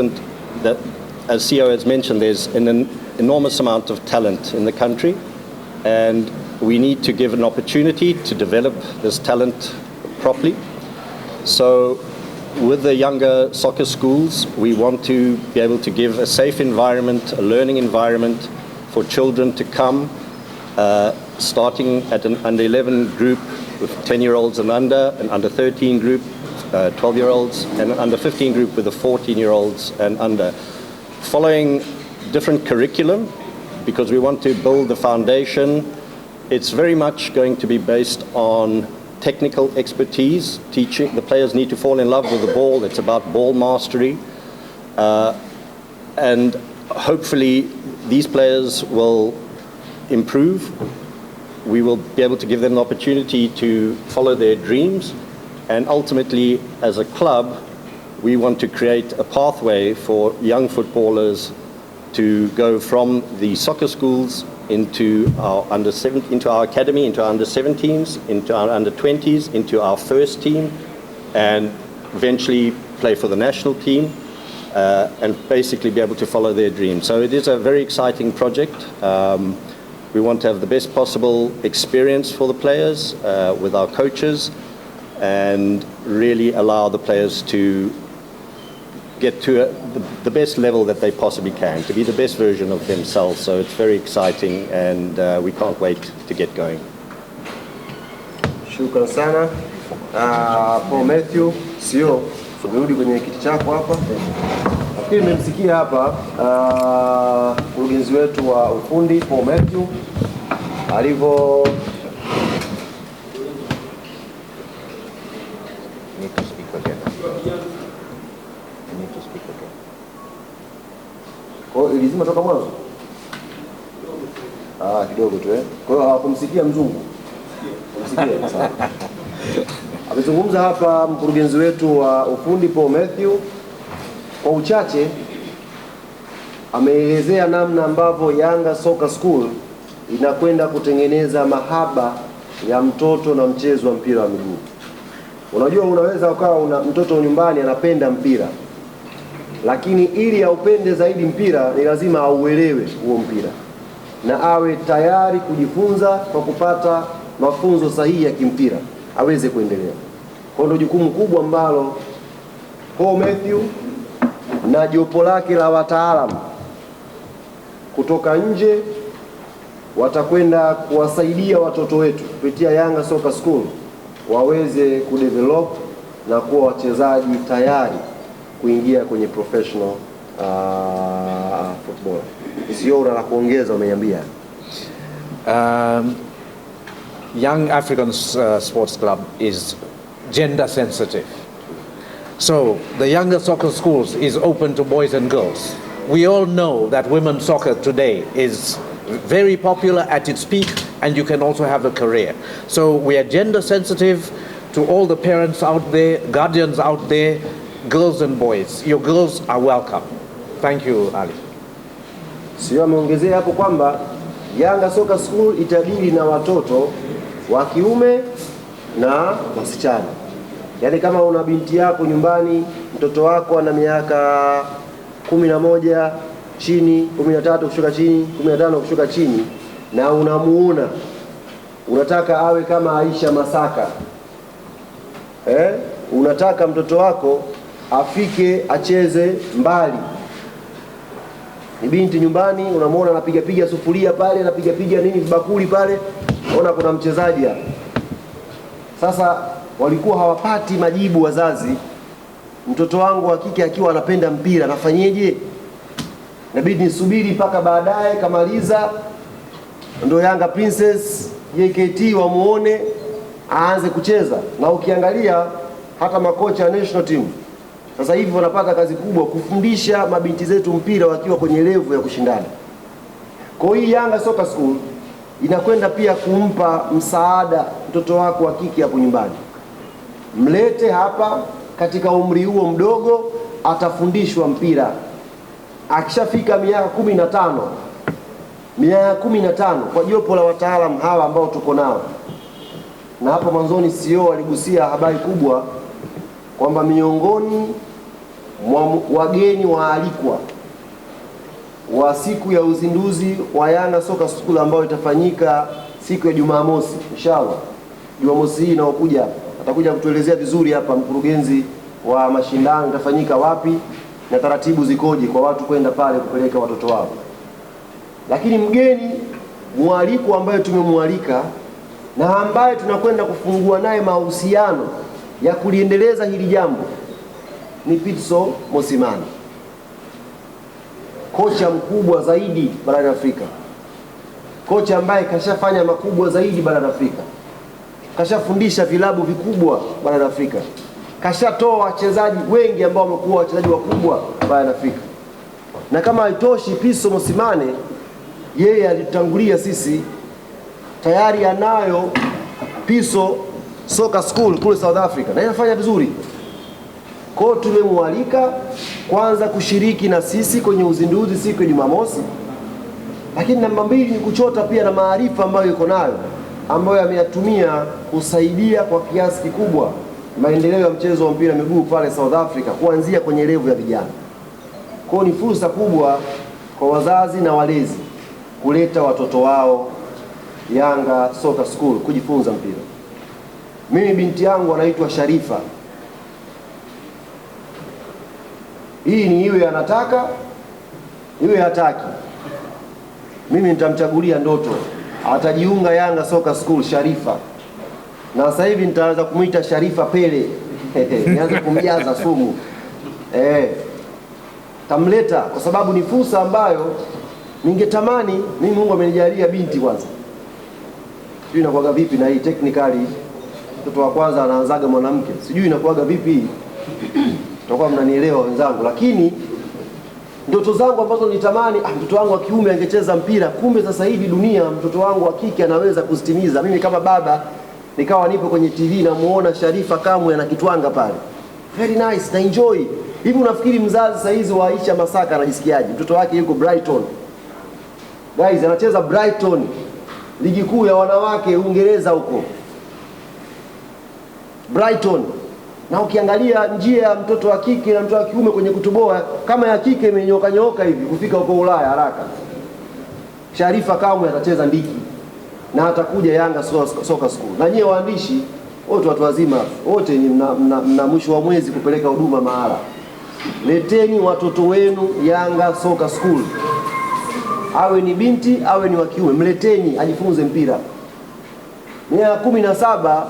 important that, as CEO has mentioned, there's an enormous amount of talent in the country, and we need to give an opportunity to develop this talent properly. So, with the younger soccer schools, we want to be able to give a safe environment, a learning environment for children to come, uh, starting at an under 11 group with 10 year olds and under, an under 13 group, uh, 12 year olds, and under 15 group with the 14 year olds and under, following different curriculum because we want to build the foundation. It's very much going to be based on technical expertise, teaching. The players need to fall in love with the ball, it's about ball mastery. Uh, and hopefully, these players will improve. We will be able to give them an opportunity to follow their dreams and ultimately, as a club, we want to create a pathway for young footballers to go from the soccer schools into our under seven, into our academy, into our under 17s, into our under 20s, into our first team, and eventually play for the national team. Uh, and basically be able to follow their dreams. So it is a very exciting project. Um, we want to have the best possible experience for the players uh, with our coaches and really allow the players to get to a, the, the, best level that they possibly can, to be the best version of themselves. So it's very exciting, and uh, we can't wait to get going. Shukran sana. Uh, Paul Matthew, CEO, umerudi kwenye kiti chako hapa. Nafikiri mmemsikia hapa uh, mkurugenzi uh, wetu wa ufundi Paul Matthew alivyo Kwa hiyo ilizima toka mwanzo ah, kidogo tu eh. Kwa hiyo hawakumsikia mzungu, Amezungumza hapa mkurugenzi wetu wa ufundi Paul Matthew, kwa uchache ameelezea namna ambavyo Yanga Soka School inakwenda kutengeneza mahaba ya mtoto na mchezo wa mpira wa miguu. Unajua, unaweza ukawa una mtoto nyumbani anapenda mpira lakini ili aupende zaidi mpira ni lazima auelewe huo mpira na awe tayari kujifunza kwa kupata mafunzo sahihi ya kimpira aweze kuendelea. Kwa ndio jukumu kubwa ambalo Paul Matthew na jopo lake la wataalamu kutoka nje watakwenda kuwasaidia watoto wetu kupitia Yanga Soccer School waweze kudevelop na kuwa wachezaji tayari kuingia kwenye professional uh, football. Sio una la kuongeza umeniambia. Um, Young African uh, Sports Club is gender sensitive. So the younger soccer schools is open to boys and girls. We all know that women's soccer today is very popular at its peak and you can also have a career. So we are gender sensitive to all the parents out there, guardians out there, girls and boys. Your girls are welcome. Thank you Ali. Sio, ameongezea hapo kwamba Yanga Soka School itadili na watoto wa kiume na wasichana. Yaani kama una binti yako nyumbani, mtoto wako ana miaka kumi na moja chini, kumi na tatu kushuka chini, kumi na tano kushuka chini, na unamuona unataka awe kama Aisha Masaka eh, unataka mtoto wako afike acheze mbali. Ni binti nyumbani, unamwona anapigapiga sufuria pale, piga nini vibakuli pale, unaona kuna mchezaji hapa. Sasa walikuwa hawapati majibu wazazi, mtoto wangu wa kike akiwa anapenda mpira nafanyeje? Inabidi nisubiri mpaka baadaye kamaliza, ndo Yanga Princess JKT wamuone aanze kucheza. Na ukiangalia hata makocha ya national team sasa hivi wanapata kazi kubwa kufundisha mabinti zetu mpira wakiwa kwenye levu ya kushindana. Kwa hiyo Yanga Soka School inakwenda pia kumpa msaada mtoto wako wa kike hapo nyumbani, mlete hapa katika umri huo mdogo, atafundishwa mpira. Akishafika miaka kumi na tano miaka kumi na tano kwa jopo la wataalamu hawa ambao tuko nao, na hapo mwanzoni CEO aligusia habari kubwa kwamba miongoni wageni waalikwa wa siku ya uzinduzi wa Yanga Soka School ambayo itafanyika siku ya Jumamosi inshallah. Jumamosi hii inaokuja atakuja kutuelezea vizuri hapa mkurugenzi wa mashindano itafanyika wapi na taratibu zikoje kwa watu kwenda pale kupeleka watoto wao. Lakini mgeni mwaliko ambaye tumemwalika na ambaye tunakwenda kufungua naye mahusiano ya kuliendeleza hili jambo ni Pitso Mosimani, kocha mkubwa zaidi barani Afrika, kocha ambaye kashafanya makubwa zaidi barani Afrika, kashafundisha vilabu vikubwa barani Afrika, kashatoa wachezaji wengi ambao wamekuwa wachezaji wakubwa barani Afrika. Na kama haitoshi, Pitso Mosimane yeye alitangulia sisi, tayari anayo Pitso Soccer School kule South Africa na inafanya vizuri. Kwa tumemwalika kwanza kushiriki na sisi kwenye uzinduzi siku ya Jumamosi, lakini namba mbili ni kuchota pia na maarifa ambayo yuko nayo ambayo ameyatumia kusaidia kwa kiasi kikubwa maendeleo ya mchezo wa mpira miguu pale South Africa kuanzia kwenye levu ya vijana. Kwa hiyo ni fursa kubwa kwa wazazi na walezi kuleta watoto wao Yanga Soccer School kujifunza mpira. Mimi binti yangu anaitwa Sharifa. Hii ni iwe anataka iwe hataki, mimi nitamchagulia ndoto. Atajiunga Yanga Soka School Sharifa, na sasa hivi nitaanza kumwita Sharifa Pele nianze kumjaza sumu eh, tamleta kwa sababu ni fursa ambayo ningetamani mimi. Mungu amenijalia binti kwanza, sijui inakuwaga vipi na hii technically, mtoto wa kwanza anaanzaga mwanamke, sijui inakuwaga vipi Mtakuwa mnanielewa wenzangu, lakini ndoto zangu ambazo nitamani ah, mtoto wangu wa kiume angecheza mpira, kumbe sasa hivi dunia mtoto wangu wa kike anaweza kuzitimiza. Mimi kama baba nikawa nipo kwenye TV namuona Sharifa Kamwe anakitwanga pale, very nice na enjoy. Hivi unafikiri mzazi sasa hizi wa Aisha Masaka anajisikiaje? Mtoto wake yuko Brighton, guys, anacheza Brighton, ligi kuu ya wanawake Uingereza huko Brighton na ukiangalia njia ya mtoto wa kike na mtoto wa kiume kwenye kutoboa, kama ya kike imenyoka nyoka hivi kufika huko Ulaya haraka. Sharifa kamwe atacheza ndiki na atakuja Yanga soka school. Na nyie waandishi wote, watu wazima wote, ni mna, mna, mna mwisho wa mwezi kupeleka huduma mahala, leteni watoto wenu Yanga soka school, awe ni binti awe ni wa kiume, mleteni ajifunze mpira. mia ya kumi na saba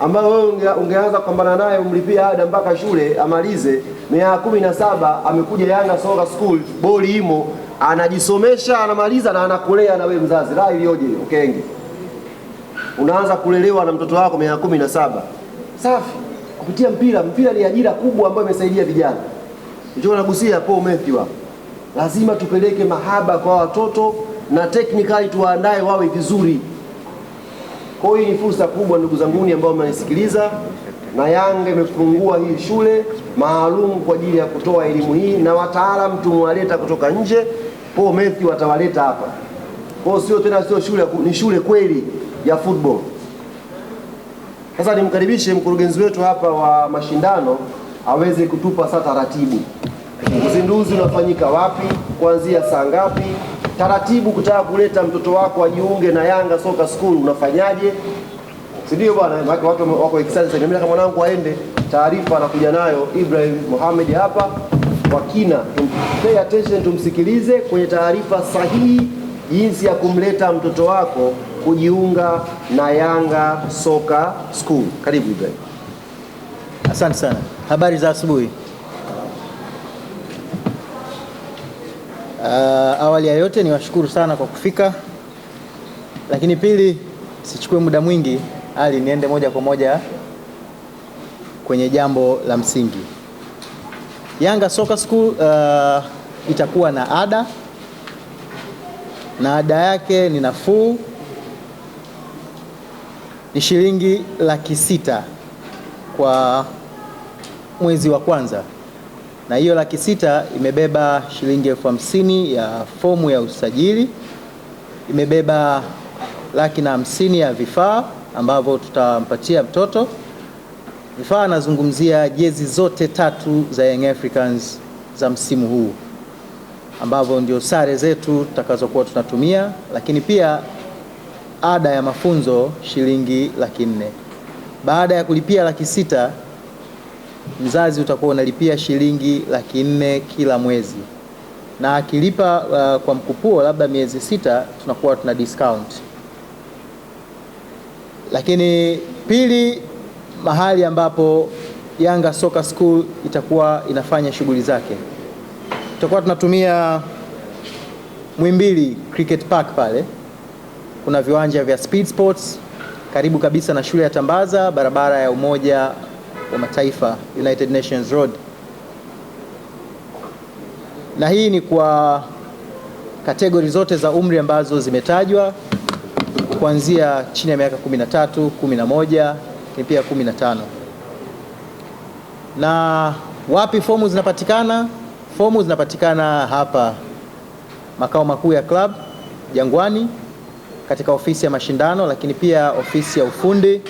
ambayo wewe unge, ungeanza kupambana naye umlipia ada mpaka shule amalize miaka kumi na saba amekuja Yanga Soka School boli imo anajisomesha anamaliza na anakulea na wewe mzazi, la iliyoje Ukenge okay. Kenge unaanza kulelewa na mtoto wako miaka kumi na saba safi kupitia mpira. Mpira ni ajira kubwa ambayo imesaidia vijana. Ndio nagusia Paul Matthew lazima tupeleke mahaba kwa watoto na technically tuwaandae wawe vizuri. Kwa hiyo hii ni fursa kubwa, ndugu zanguni ambao mnanisikiliza, na Yanga imefungua hii shule maalum kwa ajili ya kutoa elimu hii, na wataalamu tumewaleta kutoka nje. Paul Mathew watawaleta hapa. Kwa hiyo sio tena, sio shule, ni shule kweli ya football. Sasa nimkaribishe mkurugenzi wetu hapa wa mashindano aweze kutupa sasa taratibu, uzinduzi unafanyika wapi, kuanzia saa ngapi? taratibu kutaka kuleta mtoto wako ajiunge na Yanga Soka School unafanyaje? Si ndio bwana, watu wako excited sana. Mimi kama mwanangu aende, taarifa anakuja nayo Ibrahim Mohamed hapa kwa kina. Pay attention, tumsikilize kwenye taarifa sahihi, jinsi ya kumleta mtoto wako kujiunga na Yanga Soka School. Karibu Ibrahim. Asante sana, habari za asubuhi. Uh, awali ya yote niwashukuru sana kwa kufika, lakini pili, sichukue muda mwingi ali niende moja kwa moja kwenye jambo la msingi. Yanga Soccer School uh, itakuwa na ada na ada yake ni nafuu, ni shilingi laki sita kwa mwezi wa kwanza na hiyo laki sita imebeba shilingi elfu hamsini ya fomu ya usajili, imebeba laki na hamsini ya vifaa ambavyo tutampatia mtoto. Vifaa anazungumzia jezi zote tatu za Young Africans za msimu huu ambavyo ndio sare zetu tutakazokuwa tunatumia, lakini pia ada ya mafunzo shilingi laki nne. Baada ya kulipia laki sita mzazi utakuwa unalipia shilingi laki nne kila mwezi, na akilipa uh, kwa mkupuo labda miezi sita tunakuwa tuna discount. Lakini pili, mahali ambapo Yanga Soccer School itakuwa inafanya shughuli zake, tutakuwa tunatumia Mwimbili Cricket Park. Pale kuna viwanja vya Speed Sports karibu kabisa na shule ya Tambaza, barabara ya Umoja wa mataifa United Nations Road, na hii ni kwa kategori zote za umri ambazo zimetajwa kuanzia chini ya miaka 13, 11, lakini pia 15. Na wapi fomu zinapatikana? Fomu zinapatikana hapa makao makuu ya club Jangwani, katika ofisi ya mashindano, lakini pia ofisi ya ufundi